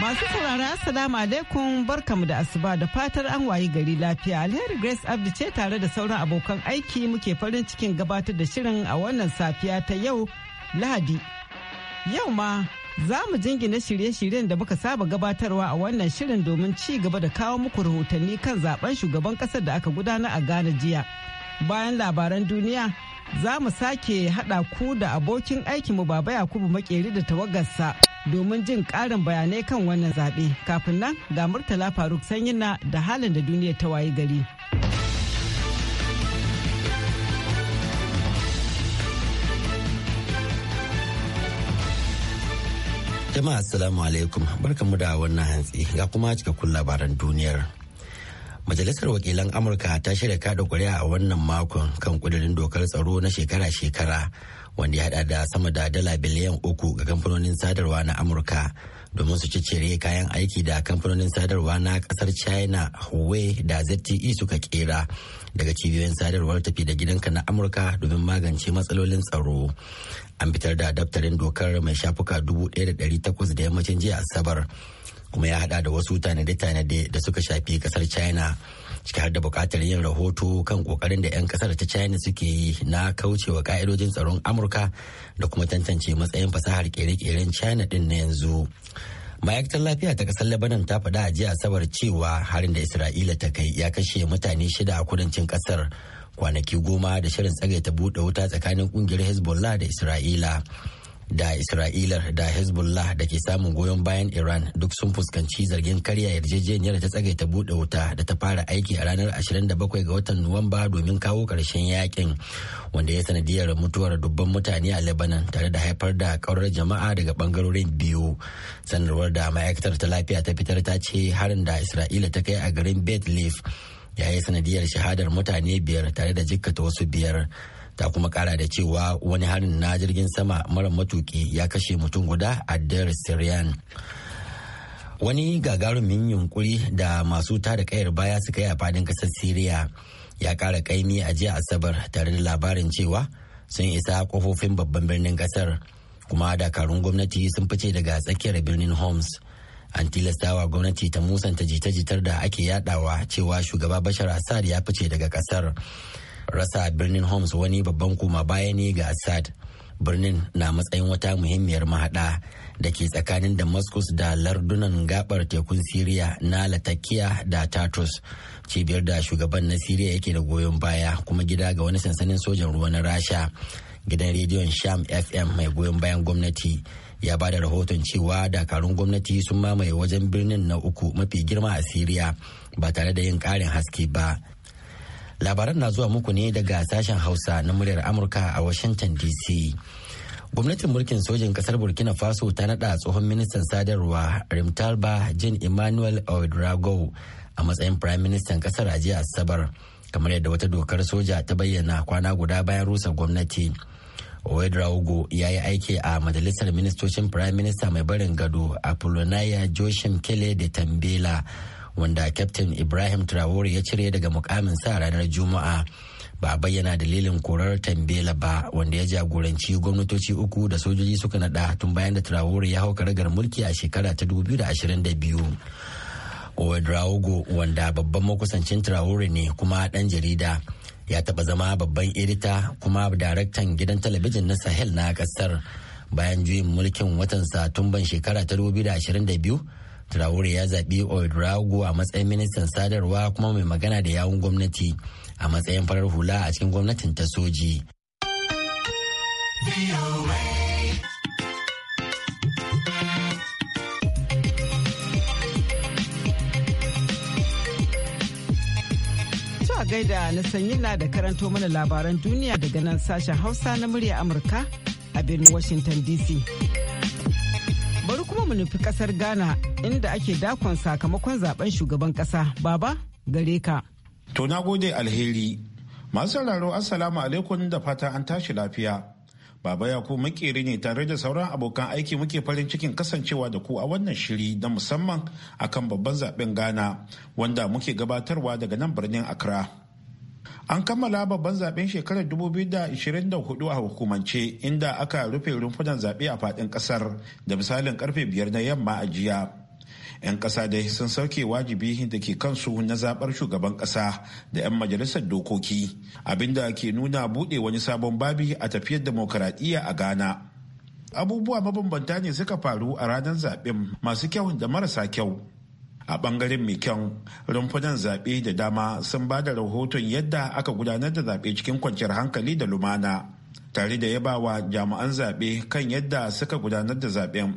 Masu saurara salamu alaikum barkamu da asuba da fatar an wayi gari lafiya. Alheri Grace Abdi ce tare da sauran abokan aiki muke farin cikin gabatar da shirin a wannan safiya ta yau Lahadi. Yau ma za mu jingina shirye-shiryen da muka saba gabatarwa a wannan shirin domin ci gaba da kawo muku rahotanni kan zaben shugaban ƙasar da aka gudana a Ghana jiya. Bayan labaran duniya za mu sake haɗa ku da abokin aikinmu baba yakubu makeri da tawagarsa domin jin ƙarin bayanai kan wannan zaɓe kafin nan ga murtala faruk sanyina da halin da duniya ta wayi gari jama'a assalamu alaikum barkamu da wannan hantsi ga kuma cikakkun labaran duniyar Majalisar Wakilan Amurka ta shirya kada kuri'a a wannan makon kan kudirin dokar tsaro na shekara-shekara wanda ya hada da sama da dala biliyan uku ga kamfanonin sadarwa na Amurka domin su cire kayan aiki da kamfanonin sadarwa na kasar China Huawei da ZTE suka kera daga cibiyoyin sadarwar tafi da gidanka na Amurka domin magance matsalolin tsaro. An fitar da daftarin dokar mai shafuka dubu ɗaya da ɗari 1,800 da yammacin jiya Asabar. kuma ya hada da wasu tanade-tanade da suka shafi kasar china ciki har da bukatar yin rahoto kan kokarin da 'yan kasar ta china suke yi na kaucewa ka'idojin tsaron amurka da kuma tantance matsayin fasahar kere-keren china din na yanzu ma'aikatar lafiya ta kasar lebanon ta faɗa a jiya asabar cewa harin da isra'ila ta kai ya kashe mutane shida a kudancin kasar kwanaki goma da shirin tsagaita buɗe wuta tsakanin kungiyar hezbollah da isra'ila da isra'ila da hezbollah da ke samun goyon bayan iran duk sun fuskanci zargin karya yarjejeniyar ta tsagaita buɗe wuta da ta fara aiki a ranar 27 ga watan nuwamba domin kawo ƙarshen yakin wanda ya sanadiyar mutuwar dubban mutane a lebanon tare da haifar da kaurar jama'a daga bangarorin biyu sanarwar da ma'aikatar ta lafiya ta fitar ta ce harin da isra'ila ta kai a garin beth leaf ya yi sanadiyar shahadar mutane biyar tare da jikkata wasu biyar ta kuma kara da cewa wani harin na jirgin sama mara matuki ya kashe mutum guda a dar syrian wani gagarumin yunkuri da masu tada kayar baya suka yi a fadin kasar syria ya kara kaimi a jiya asabar tare da labarin cewa sun isa kofofin babban birnin kasar kuma dakarun gwamnati sun fice daga tsakiyar birnin homs an tilastawa gwamnati ta musanta jita-jitar da ake yadawa cewa shugaba bashar assad ya fice daga kasar rasa birnin homs wani babban kuma baya ne ga assad birnin na matsayin wata muhimmiyar mahada da ke tsakanin damascus da lardunan gabar tekun siriya na latakia da tartus cibiyar da shugaban na siriya yake da goyon baya kuma gida ga wani sansanin sojan ruwa na rasha gidan rediyon sham fm mai goyon bayan gwamnati ya ba da rahoton cewa dakarun gwamnati sun mamaye wajen birnin na uku mafi girma a siriya ba tare da yin ƙarin haske ba labaran na zuwa muku ne daga sashen hausa na muryar amurka a washington dc gwamnatin mulkin sojin kasar burkina faso ta nada tsohon ministan sadarwa rimtalba jin emmanuel oedrago a matsayin prime minister kasar a jiya asabar kamar yadda wata dokar soja ta bayyana kwana guda bayan rusa gwamnati oedrago ya yi aiki a majalisar ministocin prime minister mai barin gado apollonia joshim kele de tambela wanda Captain Ibrahim Traore ya cire daga mukamin sa ranar Juma'a. Ba bayyana dalilin korar Tambela ba wanda ya jagoranci gwamnatoci uku da sojoji suka nada tun bayan da Traore ya hau karagar mulki a shekara ta 2022. Draugo wanda babban makusancin Traore ne kuma ɗan jarida ya taɓa zama babban edita kuma daraktan gidan talabijin na Sahel na ƙasar bayan juyin mulkin watan Satumban shekara ta 2022 Traore ya zaɓi Oedrago a matsayin ministan sadarwa kuma mai magana da yawun gwamnati a matsayin farar hula a cikin gwamnatin ta soji. gaida na na da karanto mana labaran duniya daga nan sashen hausa na murya amurka a birnin washington dc mu nufi kasar Ghana inda ake dakon sakamakon zaben shugaban kasa. Baba gare ka. To na gode alheri. Masu sauraro Assalamu alaikum da fata an tashi lafiya. Baba ku makeri ne tare da sauran abokan aiki muke farin cikin kasancewa da ku a wannan shiri na musamman akan babban zaben Ghana wanda muke gabatarwa daga nan birnin Accra. An kammala babban zaben shekarar 2024 a hukumance inda aka rufe rumfunan zaɓe a faɗin ƙasar da misalin karfe biyar na yamma a jiya. 'Yan ƙasa dai sun sauke wajibi da ke kansu na zaɓar shugaban ƙasa da 'yan majalisar dokoki abinda ke nuna buɗe wani sabon babi a tafiyar demokaradiyya a Ghana. Abubuwa mabambanta ne suka faru a ranar zaɓen masu kyau da marasa kyau. a bangaren mai rumfunan zaɓe da dama sun ba da rahoton yadda aka gudanar da zaɓe cikin kwanciyar hankali da lumana tare da wa jami'an zaɓe kan yadda suka gudanar da zaɓen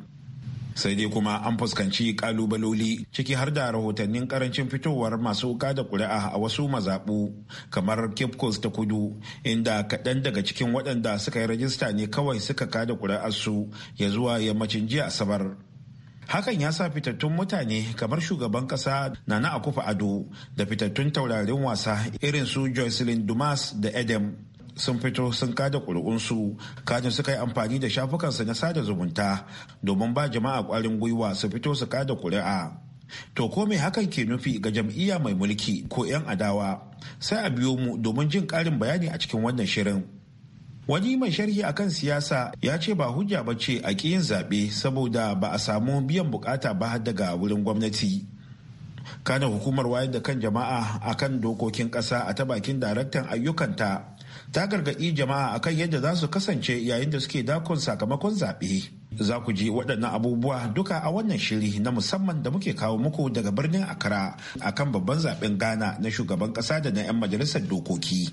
sai dai kuma an fuskanci kalubaloli ciki har da rahotannin karancin fitowar masu wuka da kuri'a a wasu mazaɓu kamar cape coast ta kudu inda kaɗan daga cikin waɗanda suka yi rajista ne kawai suka kada su ya zuwa yammacin jiya asabar hakan ya sa fitattun mutane kamar shugaban kasa nana akufa ado da fitattun taurarin wasa irin su jocelyn dumas da edem sun fito sun kada kuri'unsu kajin suka yi amfani da shafukansa na sada zumunta domin ba jama'a ƙwarin gwiwa su fito su kada ƙuri'a to ko me hakan ke nufi ga jam'iyya mai mulki ko 'yan adawa sai a biyo mu domin jin ƙarin bayani a cikin wannan shirin Wani mai sharhi akan siyasa ya ce ba hujja ba ce a ƙi yin zaɓe saboda ba a samu biyan bukata ba daga wurin gwamnati. Kana hukumar wayar da kan jama'a akan dokokin ƙasa a ta bakin daraktan ayyukanta ta gargaɗi jama'a akan yadda za su kasance yayin da suke dakon sakamakon zaɓe. Za ku ji waɗannan abubuwa duka a wannan shiri na musamman da muke kawo muku daga birnin Accra akan babban zaɓen Ghana na shugaban ƙasa da na 'yan majalisar dokoki.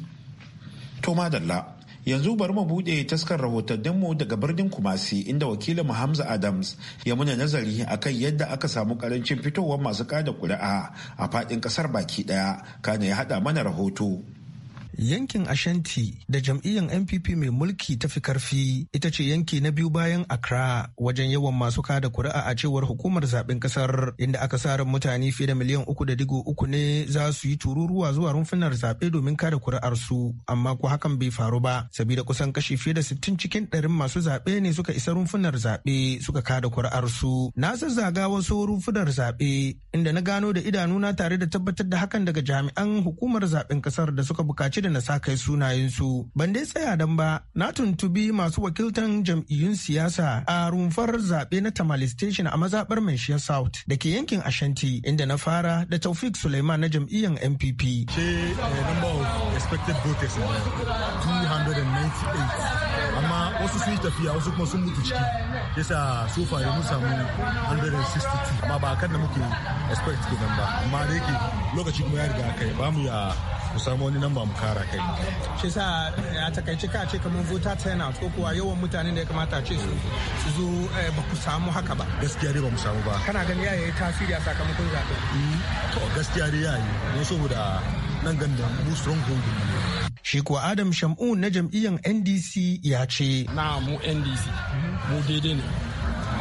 To madalla. yanzu bari mu buɗe taskar rahotannin mu daga birnin kumasi inda wakilin mu hamza adams ya muna nazari akan yadda aka samu karancin fitowar masu kada kuri'a a faɗin ƙasar baki ɗaya kana ya haɗa mana rahoto yankin ashanti da jam'iyyar npp mai mulki ta fi karfi ita ce yanki na biyu bayan accra wajen yawan masu kada kuri'a a cewar hukumar zaben kasar inda aka sa ran mutane fiye da miliyan uku da digo uku ne za su yi tururuwa zuwa rumfunar zaɓe domin kada kuri'ar su amma ko hakan bai faru ba sabida kusan kashi fiye da sittin cikin ɗarin masu zaɓe ne suka isa rumfunar zaɓe suka kada kuri'ar su na zazzaga wasu rumfunar zaɓe inda na gano da idanuna tare da tabbatar da hakan daga jami'an hukumar zaben kasar da suka buƙaci da da na sa kai sunayensu. Ban dai tsaya dan ba, na tuntubi masu wakiltan jam'iyyun siyasa a rumfar zaɓe na Tamale Station a mazaɓar Manshiya South da ke yankin Ashanti inda na fara da Taufik Suleiman na jam'iyyar NPP. She, uh, number of expected voters, 298. Amma wasu sun yi tafiya wasu kuma sun mutu ciki yasa so ya mun samu 162 amma ba kan da muke expect nan ba amma da yake lokaci kuma ya riga kai ba mu ya mu samu wani namba mu kara kai shi sa a takaice ka ce kamar ten turnout ko kuwa yawan mutanen da ya kamata ce su zo eh, ba ku samu haka ba gaskiya dai ba mu samu ba kana gani ya yi tasiri a sakamakon zaɓe mm. to gaskiya dai ya yi don saboda nan ganda mu stronghold ne Shi kuwa Adam Shamu na jam'iyyar NDC ya ce. Na mu NDC, mu daidai ne.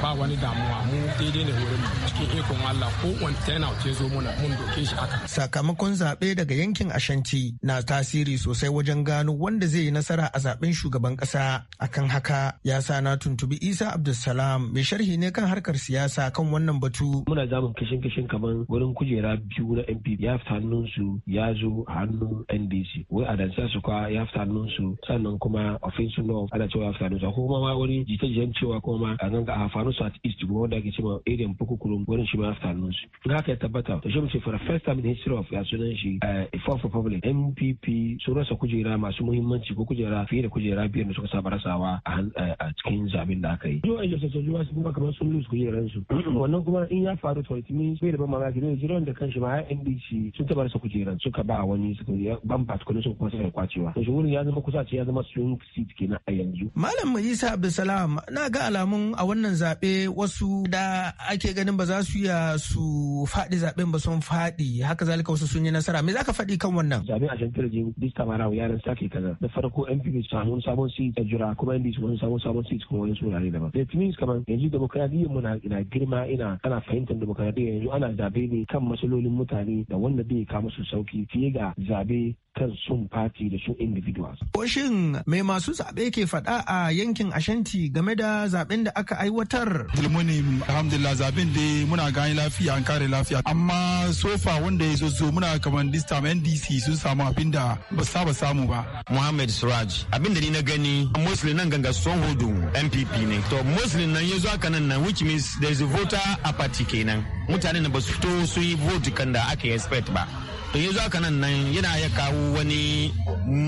ba wani damuwa mu daidai ne wurin cikin ikon Allah ko wani yana ce zo mana mun doke shi haka. Sakamakon zaɓe daga yankin Ashanti na tasiri sosai wajen gano wanda zai yi nasara a zaɓen shugaban ƙasa akan haka ya sa na tuntubi Isa Abdulsalam mai sharhi ne kan harkar siyasa kan wannan batu. Muna zamun kishin kishin kaman wurin kujera biyu na NPP ya fita hannunsu ya zo hannun NDC wai a dan su kwa ya fita hannunsu sannan kuma offensive law ana cewa ya fita hannunsu ko kuma ma wani jita-jitan cewa kuma a ganga a kamar su at east kuma wanda ake cewa area Pokukurum wurin shi ma after lunch in haka ya tabbata to shi mu ce for the first time in history of ya sunan shi eh, for republic NPP sun rasa kujera masu muhimmanci ko kujera fiye da kujera biyar da suka saba rasawa a eh, cikin zaben da aka yi. Yau ayyuka sojoji ba su kuma kamar sun lose kujeran su. Wannan kuma in ya faru to it means bai da ban mamaki ne jiran da kanshi ma har NDC sun taba rasa kujeran suka ba wani suka ban particular sun kuma sai kwacewa. To shi wurin ya zama kusa ce ya zama swing seat kenan a yanzu. Malam Majisa Abdulsalam na ga alamun a wannan zaɓe zaɓe wasu da ake ganin ba za su iya su faɗi zaɓen ba sun faɗi haka zalika wasu sun yi nasara me za ka faɗi kan wannan. Zaɓe a shan tarjin lista mara yaran sake kaza da farko NPP su samu sabon seat a jira kuma NDP su samu sabon seat kuma wani surare daban. Da tunis kamar yanzu demokradiyyar mu na girma ina ana fahimtar demokradiyyar yanzu ana zaɓe ne kan matsalolin mutane da wanda bai kama su sauki fiye ga zaɓe kan sun party da su individuals. Ko shin mai masu zaɓe ke faɗa a yankin Ashanti game da zaɓen da aka aiwatar? Tilmuni alhamdulillah zaɓen dai muna gani lafiya an kare lafiya amma sofa wanda ya zo muna kamar this time NDC sun samu abin da ba saba samu ba. Muhammad Suraj abin da ni na gani mostly nan ganga son hudu MPP ne. To mostly nan ya zo aka nan nan which means there is a voter apathy kenan. Mutanen da ba su fito su yi vote kan da aka expect ba. to yanzu haka nan nan yana ya kawo wani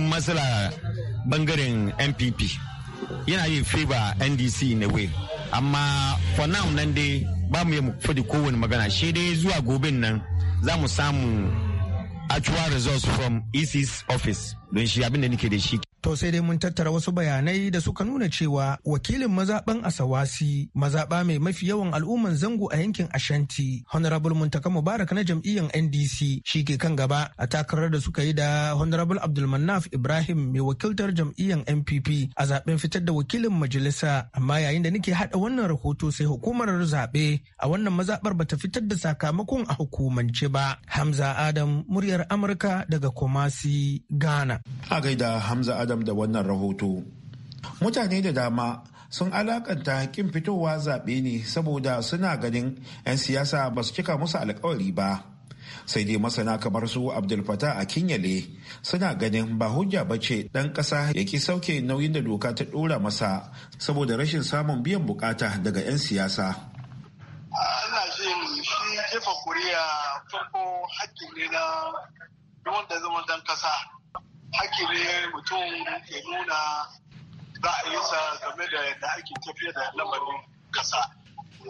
matsala bangaren npp yana yi favor ndc ne way amma for now nan dai ba mu yi fadi kowane magana shi dai zuwa gobe nan za mu samu actual results from ec's office don shi abin da nake da shi To sai dai mun tattara wasu bayanai da suka nuna cewa wakilin mazaɓan Asawasi mazaɓa mai mafi yawan al'umman zango a yankin Ashanti Honorable Muntaka Mubarak na jam'iyyar NDC shi ke kan gaba a takarar da suka yi da Honorable Abdulmanaf Ibrahim mai wakiltar jam'iyyar NPP a zaben fitar da wakilin majalisa amma yayin da nake haɗa wannan rahoto sai hukumar zaɓe a wannan mazaɓar bata fitar da sakamakon a hukumance ba. Hamza Adam muryar Amurka daga Kumasi Ghana. A gaida Hamza Adam adam da wannan rahoto mutane da dama sun alakanta hakkin fitowa zaɓe ne saboda suna ganin 'yan siyasa ba su cika musu alkawari ba sai dai masana kamar su abdulfata a kinyale suna ganin ba hujja ba ce ɗan ƙasa ya ki sauke nauyin da doka ta ɗora masa saboda rashin samun biyan bukata daga 'yan siyasa ana jin shi jefa kuriya farko hakki ne na wanda zama ɗan ƙasa hakki ne mutum ya nuna ra'ayinsa game da yadda ake tafiya da lamarin kasa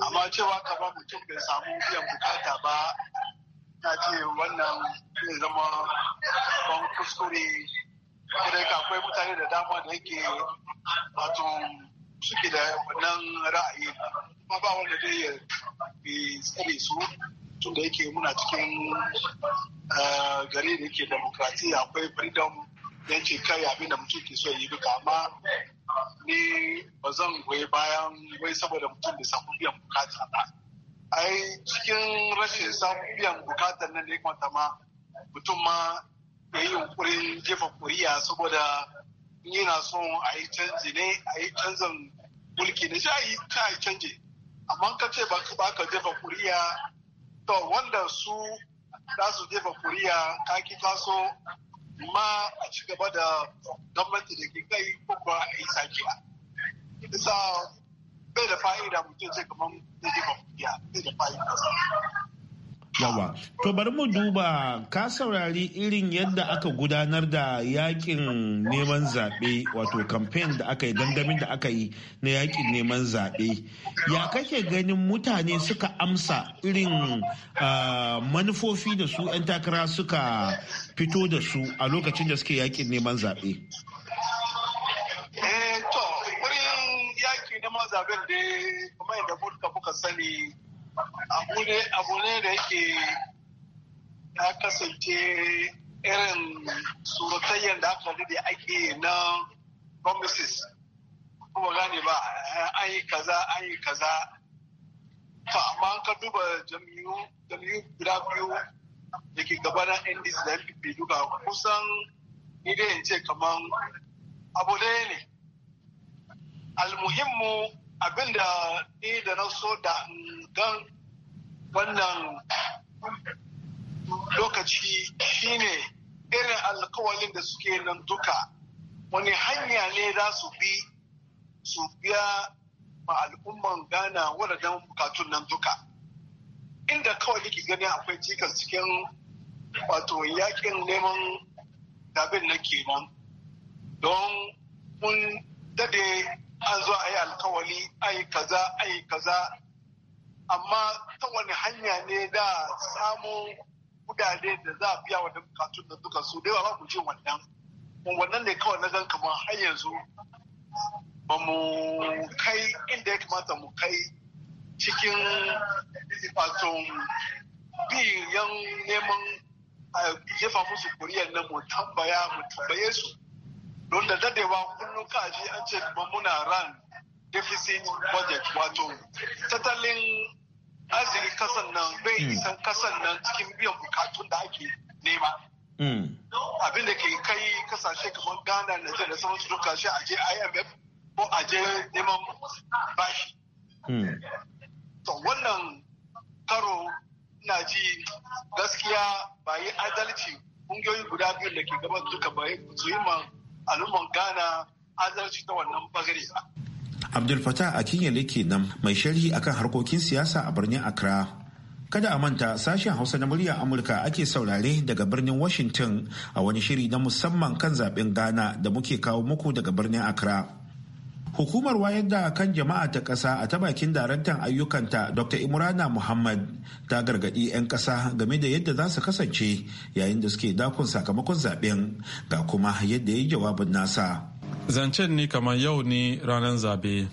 amma cewa kama mutum bai samu biyan bukata ba ta ce wannan zai zama ban kuskure kuma ka akwai mutane da dama da yake wato suke da wannan ra'ayi Ba ba wanda zai yi tsare su da yake muna cikin eh, gari da yake demokrasi akwai freedom don ce kai abin da mutum ke so ya yi duka amma ni ba zan goyi bayan wai saboda mutum da samu biyan bukata ba ai cikin rashin samun biyan bukata nan da ya ma mutum ma ya yi yunkurin jefa kuriya saboda yana so a yi canji ne a yi canzan mulki ne sai a yi canji amma ka ce ba ka jefa kuriya to wanda su za su jefa kuriya ka ki taso ma a ci gaba da gwamnati da ke kai ko kuma a yi sake a. Isa bai da fa'ida mutum sai kamar zai biya bai da fa'ida. yawa to bari mu duba ka saurari irin yadda aka gudanar da yakin neman zaɓe wato kamfen da aka yi gangamin da aka yi na yakin neman zaɓe ya kake ganin mutane suka amsa irin ah, manufofi da su 'yan takara suka fito da su a lokacin da suke yakin neman zaɓe zaben da kuma yadda kuka sani abu ne da yake ya kasance irin surutayyar da aka da ake na promises kuma gane ba an yi kaza an yi kaza to amma ka duba Jamiu, guda biyu da ke gabanin ndc da fi duka kusan idan ce kamar abu ɗaya ne almuhimmu abinda ni da na so da gan wannan lokaci shine irin alkawalin da suke nan duka wani hanya ne za su bi su biya ma al'umman ghana wadannan bukatun nan duka inda kawai yake gani akwai cikas cikin wato yakin neman zaben na kenan don mun dade an zo a yi alkawali ai kaza ai kaza amma ta wani hanya ne da samun kudade da za a biya wa bukatun da duka su da yawa ba ji wannan wannan ne kawai na gan kamar har yanzu ba mu kai inda ya kamata mu kai cikin wato biyan neman a jefa musu kuriyar na mu tambaya mu tambaye su don da dadewa kullum ji an ce kuma muna ran deficit budget wato tattalin arziki kasan nan bai hmm. isan kasan nan cikin biyan bukatun da ake nema hmm. abin da ke kai kasashe kamar ghana na da su duka shi aje imf ko aje neman bashi hmm. to wannan karo ina ji gaskiya ba yi adalci kungiyoyi guda biyu da ke gaban duka ba su yi ma al'umman Ghana adalci ta wannan bagare. Abdul Fattah ke kenan mai sharhi akan harkokin siyasa a birnin Accra. Kada a manta sashen Hausa na murya Amurka ake saurare daga birnin Washington a wani shiri na musamman kan zaben Ghana da muke kawo muku daga birnin Accra. Hukumar wayar da kan jama'a ta ƙasa a ta bakin daraktan ayyukanta Dr. Imrana Muhammad ta gargaɗi 'yan ƙasa game da yadda za su kasance yayin da suke dakon sakamakon zaɓen ga kuma yadda ya yi jawabin nasa. Zancen ne kamar yau ne ranar zabe.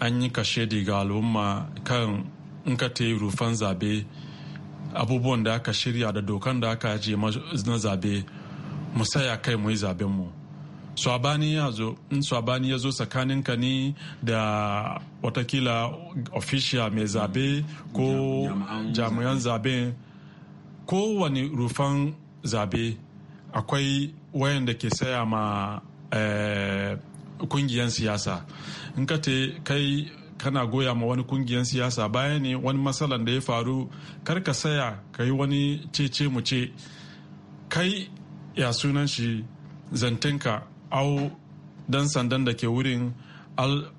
An yi kashedi ga al'umma kan in ka ta yi rufan zabe abubuwan da aka shirya da dokan da aka ajiye na zabe mu saya kai mu yi mu. swabani ya zo in swabani ya zo tsakaninka ne da watakila official mai zabe ko jami'an zabe kowane rufan zabe akwai wayanda ke saya ma eh, kungiyan siyasa in ka te kai kana goya ma wani kungiyar siyasa bayan ne wani matsalan da ya faru kar ka saya ka yi wani cece mu ce kai ya sunan shi zantinka au dan sandan da ke wurin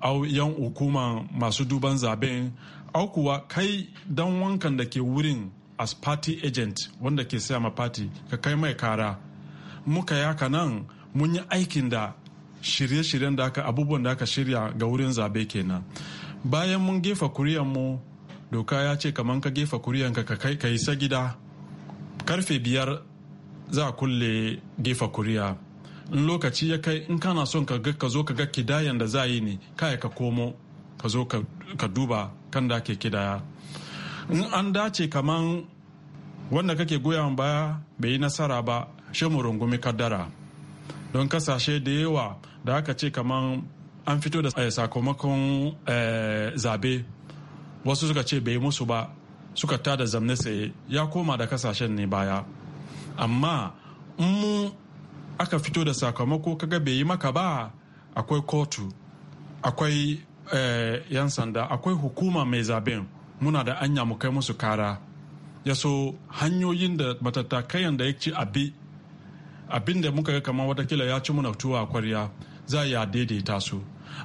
au yan hukuma masu duban zaben au kuwa kai dan wankan da ke wurin as party agent wanda ke sama ma party ka kai mai kara muka yaka nan mun yi aikin da shirye-shiryen da aka abubuwan da aka shirya ga wurin zabe kenan bayan mun gefa kuriyan mu doka ya ce kamar ka gefa kuriyan ka ka isa gida karfe biyar za a kulle gefa kuriya in lokaci ya kai in kana son ka ka zo ka ga kidayan da za yi ne kai ka komo ka zo ka duba kan da ke kidaya in an dace kaman wanda kake goyon baya bai yi nasara ba shi mu rungumi kaddara don kasashe da yawa da aka ce kaman an fito da eh, sakamakon eh, zabe wasu suka ce bai musu ba suka tada zamne tsaye ya koma da kasashen ne baya amma mu aka fito da sakamako kaga bai yi maka ba akwai kotu akwai eh, yan sanda akwai hukuma mai zaben muna da anya mu kai musu kara ya so hanyoyin da matattakayan da ya ci abi abin da muka ga kamar watakila ya ci muna tuwa a kwarya za ya daidaita su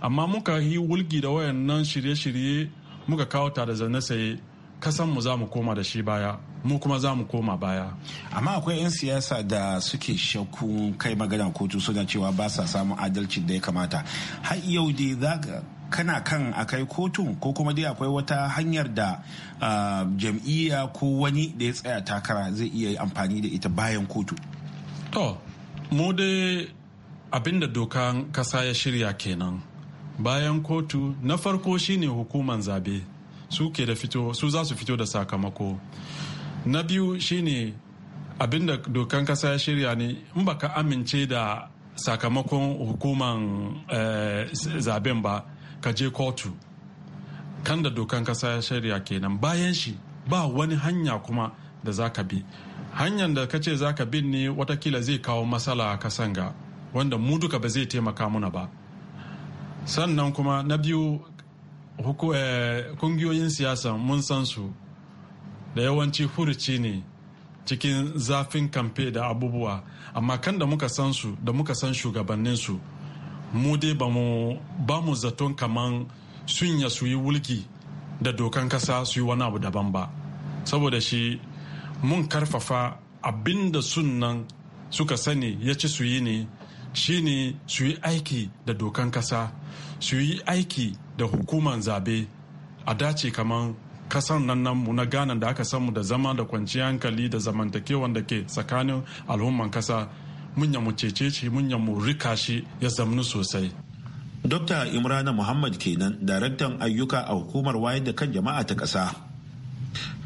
amma muka yi wulgi da wayannan shirye-shirye muka kawo tare da saye kasan mu za mu koma da shi baya mu kuma za mu koma baya amma akwai 'yan siyasa da suke shakku kai magana kotu suna cewa ba sa samun adalcin da ya kamata har yau dai za kana kan akai kotu ko kuma dai akwai wata hanyar da jam'iyya ko wani da ya tsaya takara zai iya amfani da ita bayan kotu to mu dai abinda dokan kasa ya shirya kenan bayan kotu na farko shine hukuman zabe su ke da fito su za su fito da sakamako na biyu shine abinda dokan kasa ya shirya ne in ka amince da sakamakon hukuman eh, zaben ba ka je kotu kan da dokan kasa ya shirya kenan bayan shi ba wani hanya kuma da za ka bi hanyar da ka ce za ka bin ne watakila zai kawo matsala a kasan ga wanda mu duka ba zai taimaka muna ba sannan kuma na biyu eh, kungiyoyin siyasa mun san su da yawanci furuci ne cikin zafin kamfe da abubuwa amma kan da muka san su da muka san shugabanninsu mu dai ba mu zaton kaman sun ya su yi wulki da dokan kasa su yi wani abu daban ba saboda shi mun karfafa abin da sunan suka sani ya ci su yi ne shine su yi aiki da dokan kasa su yi aiki da hukuman zabe a dace kaman kasar nan namu na Ghana da aka mu da zama da kwanciyar hankali da zamantakewan da ke tsakanin al'umman kasa munya mu cece shi munya mu rika shi ya zamanu sosai. Dokta Imrana Muhammad kenan daraktan ayyuka a hukumar wayar da kan jama'a ta kasa.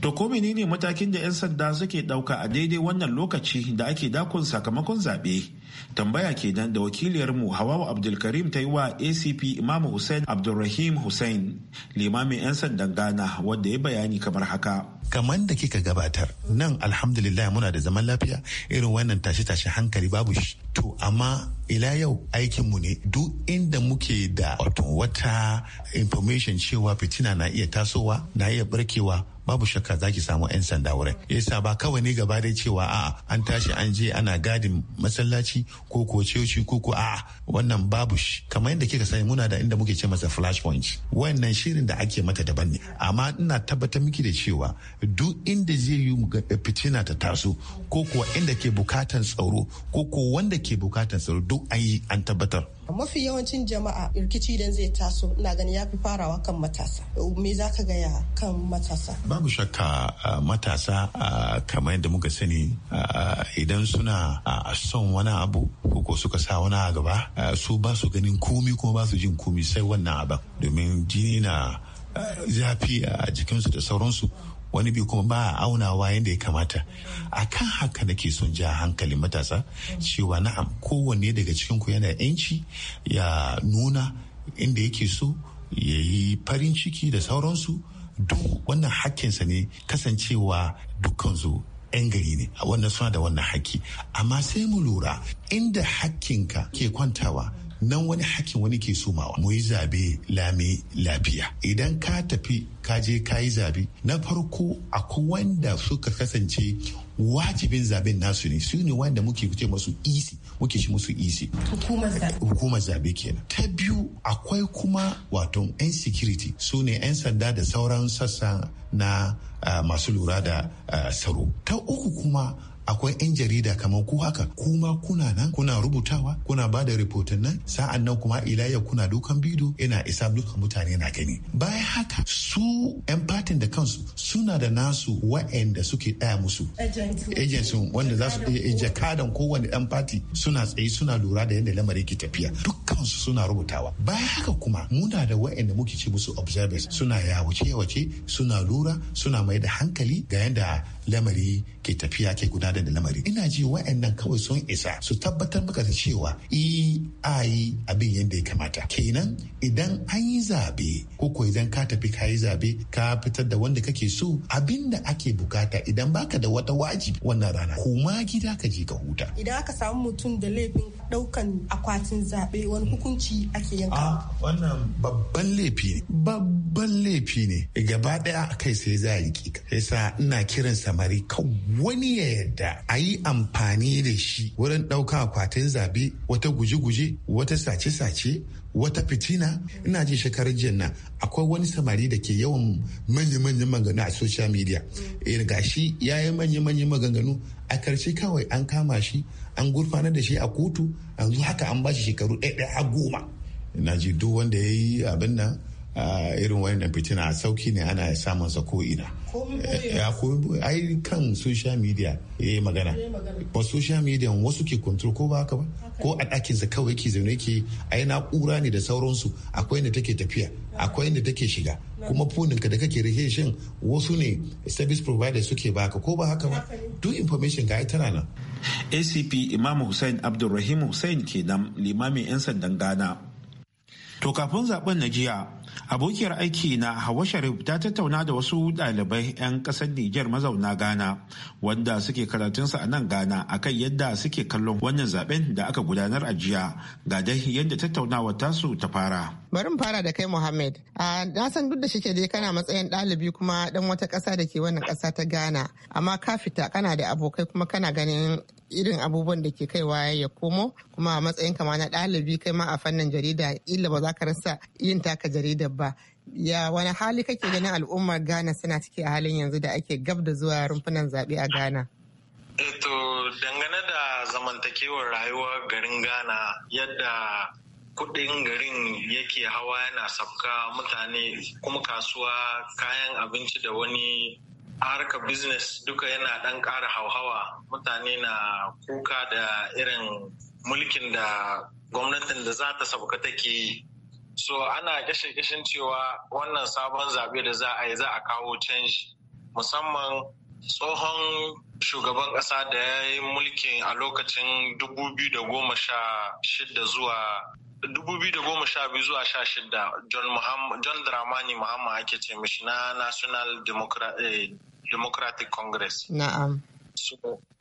To ko menene matakin da 'yan sanda suke dauka a daidai wannan lokaci da ake dakon sakamakon zaɓe? Tambaya ke nan da wakiliyarmu Hawawa Abdulkarim ta yi wa ACP Imam Hussein Abdulrahim Hussein limamin 'yan sandan Ghana wadda ya bayani kamar haka. Kamar da kika gabatar nan alhamdulillah muna da zaman lafiya irin wannan tashe-tashe hankali babu shi. To amma ila yau aikinmu ne duk inda muke da wata information cewa fitina na iya tasowa na iya barkewa babu shakka zaki samu 'yan sanda wurin yasa ba kawai ne gaba dai cewa a'a an tashi an je ana gadin masallaci ko ko ceci ko ko a'a wannan babu shi kamar yadda kika sani muna da inda muke ce masa flash point wannan shirin da ake mata daban ne amma ina tabbatar miki da cewa duk inda zai yi fitina ta taso ko kuwa inda ke bukatan tsaro ko ko wanda ke bukatan tsaro duk an yi an tabbatar mafi yawancin jama'a rikici idan zai taso ina gani ya fi farawa kan matasa me za ka gaya kan matasa babu shakka matasa kamar yadda muka sani idan suna son wani abu ko suka sa wani a gaba su ba su ganin komi kuma ba su jin komi sai wannan abin domin jini na zafi a jikinsu da sauransu wani bi kuma ba a aunawa yadda ya kamata a kan haka ke son ja hankali matasa cewa na'am kowanne daga cikin ku yana yanci ya nuna inda yake so ya yi farin ciki da sauransu duk wannan hakkinsa ne kasancewa dukkansu 'yan gari ne wannan suna da wannan haki amma sai mu lura inda hakkinka ke kwantawa nan wani hakkin wani ke sumawa mu yi zabe lami lafiya idan ka tafi ka je ka yi zabe na farko akwai wanda suka kasance wajibin zaben nasu ne su ne wanda muke kuce masu isi e muke shi musu isi hukumar zabe kenan ta biyu akwai kuma wato yan security su ne yan sanda da sauran sassa na ah, masu lura da ah, tsaro ta uku kuma akwai 'yan jarida kamar ku haka kuma kuna nan kuna rubutawa kuna ba da rahoton nan sa'an nan kuma ilayya kuna dukan bidiyo ina isa dukan mutane na gani bayan haka su 'yan fatin da kansu suna da nasu wa'anda suke ɗaya musu agents wanda za su jakadan eh, kowane yan fati suna tsaye suna lura da yadda lamarin ke tafiya dukkansu suna rubutawa bayan haka kuma muna da wa'anda muke ce musu observers suna yawace yawace suna lura suna mai da hankali ga yadda lamari ke tafiya ke gudanar da lamari ina ji wa'annan kawai sun isa su tabbatar maka da cewa i e, a yi abin yadda ya kamata kenan idan an yi zabe ko ko idan ka tafi ka yi zabe ka fitar da wanda kake so abin da ake bukata idan baka da wata wajibi wannan rana kuma gida ka je ka huta idan aka samu mutum da laifin ɗaukan akwatin zabe wani hukunci ake yanka wannan babban laifi ne babban laifi ne gaba daya kai sai za a yi kika yasa ina kiransa kamari wani ya yadda a yi amfani da shi wurin ɗauka akwatin zabe wata guje-guje wata sace-sace wata fitina ina ji shekarar jiya nan akwai wani samari da ke yawan manya-manyan maganganu a social media eh, ga shi ya yi manya-manyan maganganu a karshe kawai an kama shi an gurfana da shi a kotu yanzu haka an ba shekaru ɗaya a goma ina ji duk wanda ya yi abin nan ah, irin wannan fitina a sauki ne ana samun sa ko ina akwai yi kan social media ya yi magana ba social media wasu ke control ko ba haka ba ko a ɗakinsa kawai ke zaune ke yi na'ura ne da sauransu akwai inda take tafiya akwai inda take shiga kuma ka da kake rike shin wasu ne service provider suke ba baka ko ba haka ba duk information ga tana nan acp imam hussein abdulrahim hussein kenan limamin 'yan sandan gana. to kafin zaben na jiya abokiyar aiki na hawa sharif ta tattauna da wasu dalibai 'yan kasar niger mazauna ghana wanda suke karatunsa a nan ghana akan yadda suke kallon wannan zaben da aka gudanar a jiya ga dai yadda tattaunawa tasu ta fara bari mu fara da kai Mohammed. na san duk da shike dai kana matsayin dalibi kuma dan wata kasa da ke wannan ƙasa ta Ghana. Amma ka fita kana da abokai kuma kana ganin irin abubuwan da ke kaiwa ya komo kuma a matsayin kama na ɗalibi kai ma a fannin jarida illa ba za ka rasa yin taka jaridar ba ya wani hali kake ganin al'ummar ghana suna ciki a halin yanzu da ake gab da zuwa rumfunan zaɓe a ghana eto eh dangane da zamantakewar rayuwar garin ghana yadda kudin garin yake hawa yana sabka mutane kuma kasuwa kayan abinci da wani a harkar business duka yana dan ƙara hauhawa mutane na kuka da irin mulkin da gwamnatin da za ta sauka take yi so ana gashin kishin cewa wannan sabon zaɓe da za a yi za a kawo canji musamman tsohon shugaban ƙasa da ya yi mulkin a lokacin 2016 zuwa 2012 zuwa 16 john dramani muhammad ake ce mishi na national eh, democratic congress na'am so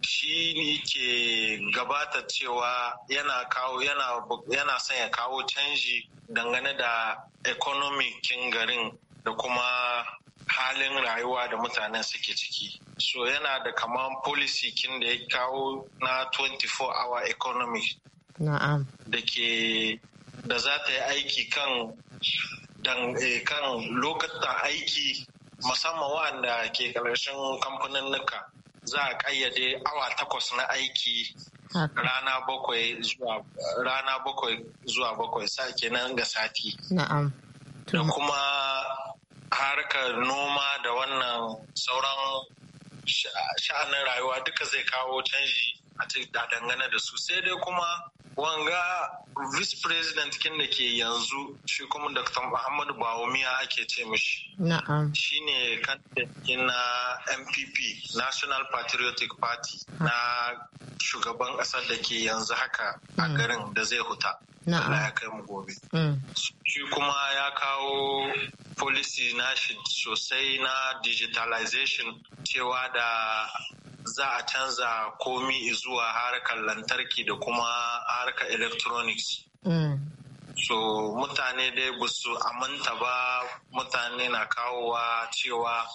shi ne ke gabata cewa yana kawo yana yana son ya kawo canji dangane da economic garin da kuma halin rayuwa da mutanen suke ciki so yana da kaman policy kin da ya kawo na 24 hour economy na'am da ke da za ta yi aiki kan eh, kan lokutan aiki musamman waɗanda ke ƙarshen kamfanin nuka za a ƙayyade awa takwas na aiki rana bakwai zuwa rana bakwai zuwa bakwai sa ga sati na'am da kuma harkar noma da wannan sauran sha'anin rayuwa duka zai kawo canji a dangane da su sai dai kuma wanga vice president kin da ke yanzu shi kuma dr muhammadu bawumiya ake ce mishi shi ne kandidatin na mpp national patriotic party ah. na shugaban ƙasar da ke yanzu haka a mm. garin da zai huta Allah ya kai mu gobe mm. shi kuma ya kawo policy na shi sosai na digitalization cewa da za a canza komi zuwa harkar lantarki da kuma harkar electronics. Mm. So mutane dai ba su aminta ba mutane na kawowa cewa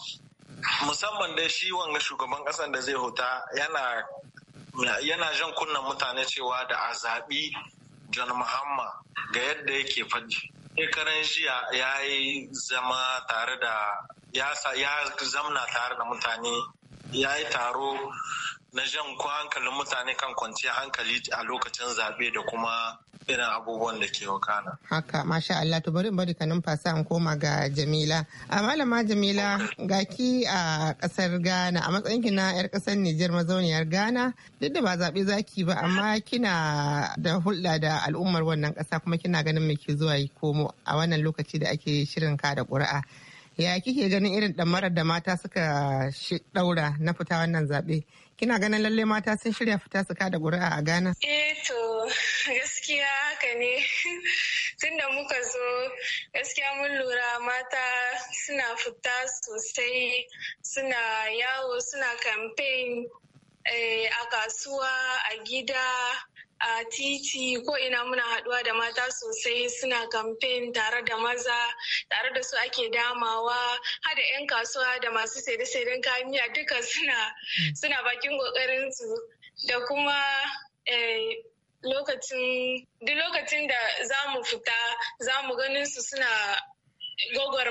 musamman dai shi wanga shugaban ƙasar da zai huta yana yana jan kunnan mutane cewa da a zaɓi John Mahama ga yadda yake faɗi. Shekaran jiya ya yi zama tare da ya zamna tare da mutane ya yi taro na jan ko hankalin mutane kan kwanciyar hankali a lokacin zaɓe da kuma irin abubuwan da ke wakana. Haka, masha Allah, to bari bari ka numfasa an koma ga Jamila. A malama Jamila, ga ki a ƙasar Ghana, a matsayin ki na 'yar ƙasar Nijar mazauniyar Ghana, duk da ba zaɓe zaki ba, amma kina da hulɗa da al'ummar wannan ƙasa kuma kina ganin me ke zuwa yi komo a wannan lokaci da ake shirin kada da ƙuri'a. ya kike ganin irin ɗamarar da mata suka ɗaura na fita wannan zaɓe kina ganin lalle mata sun shirya fita su kada ƙuri'a a ghana eh to gaskiya haka ne tunda muka zo gaskiya mun lura mata suna fita sosai suna yawo suna campaign eh, a kasuwa a gida a titi ko ina muna haɗuwa da mata sosai suna kamfen tare da maza tare da su ake damawa hada 'yan kasuwa da masu saide-saiden kayan miya duka suna hmm. bakin kokarin su da kuma eh, lokacin duk lokacin da za mu fita za mu ganin su suna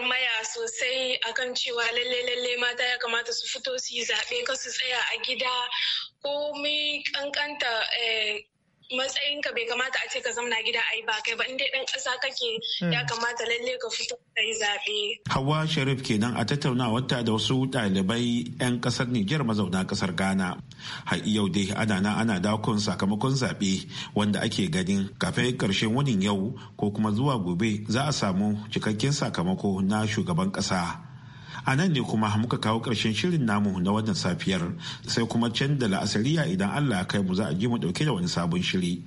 maya sosai akan cewa lalle lalle mata ya kamata su fito su yi zaɓe su tsaya a gida ko komai kankanta eh, matsayin ka bai kamata a ce ka zamna gida ai ba kai ba in dai dan kasa kake hmm. ya kamata lalle ka fito yi zaɓe. Hawa Sharif kenan a tattaunawar ta da wasu ɗalibai 'yan ƙasar Nijar mazauna ƙasar Ghana. Har yau dai ana na ana dakon sakamakon zaɓe wanda ake ganin kafin ƙarshen wani yau ko kuma zuwa gobe za a samu cikakken sakamako na shugaban ƙasa. a nan ne kuma muka kawo ƙarshen shirin namu na wannan safiyar sai kuma can da la'asariya idan allah kai mu za a ji mu ɗauke da wani sabon shiri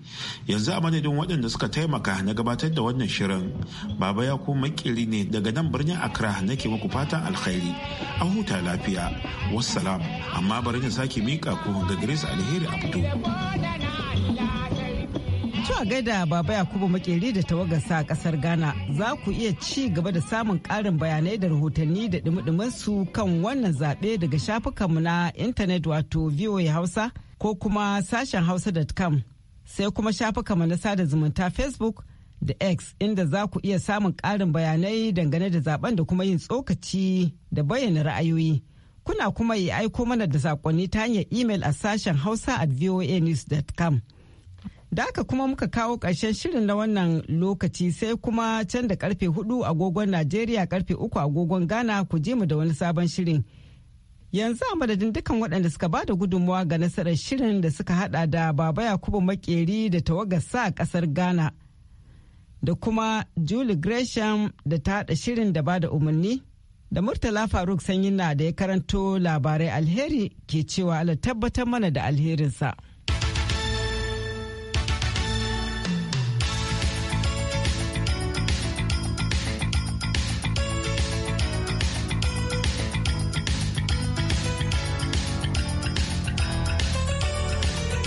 yanzu a madadin waɗanda suka taimaka na gabatar da wannan shirin baba ya kuma makiri ne daga nan birnin accra nake muku fatan alkhairi a huta lafiya wassalam amma bari na sake miƙa ku ga grace alheri abdu zuwa gaida Baba Yakubu Makeri da tawagarsa a kasar Ghana za ku iya ci gaba da samun karin bayanai da rahotanni da dumi su kan wannan zaɓe daga shafukanmu na intanet wato VOA Hausa ko kuma sashen hausa.com sai kuma shafukanmu na sada zumunta Facebook da X inda za ku iya samun ƙarin bayanai dangane da zaben da kuma yin tsokaci da bayyana ra'ayoyi. Kuna kuma yi aiko mana da saƙonni ta hanyar email a sashen hausa at voanews.com. Da aka kuma muka kawo ƙarshen shirin na wannan lokaci sai kuma can da karfe hudu agogon Najeriya karfe uku agogon Ghana ku je mu da wani sabon shirin. Yanzu a madadin dukkan waɗanda suka bada gudunmawa ga nasarar shirin da suka hada da Baba Yakubu Makeri da sa a ƙasar Ghana. Da kuma Julie Gresham da ta haɗa shirin da bada umarni. Da Murtala Faruk Sanyi na da ya karanto labarai alheri ke cewa ala tabbatar mana da alherinsa.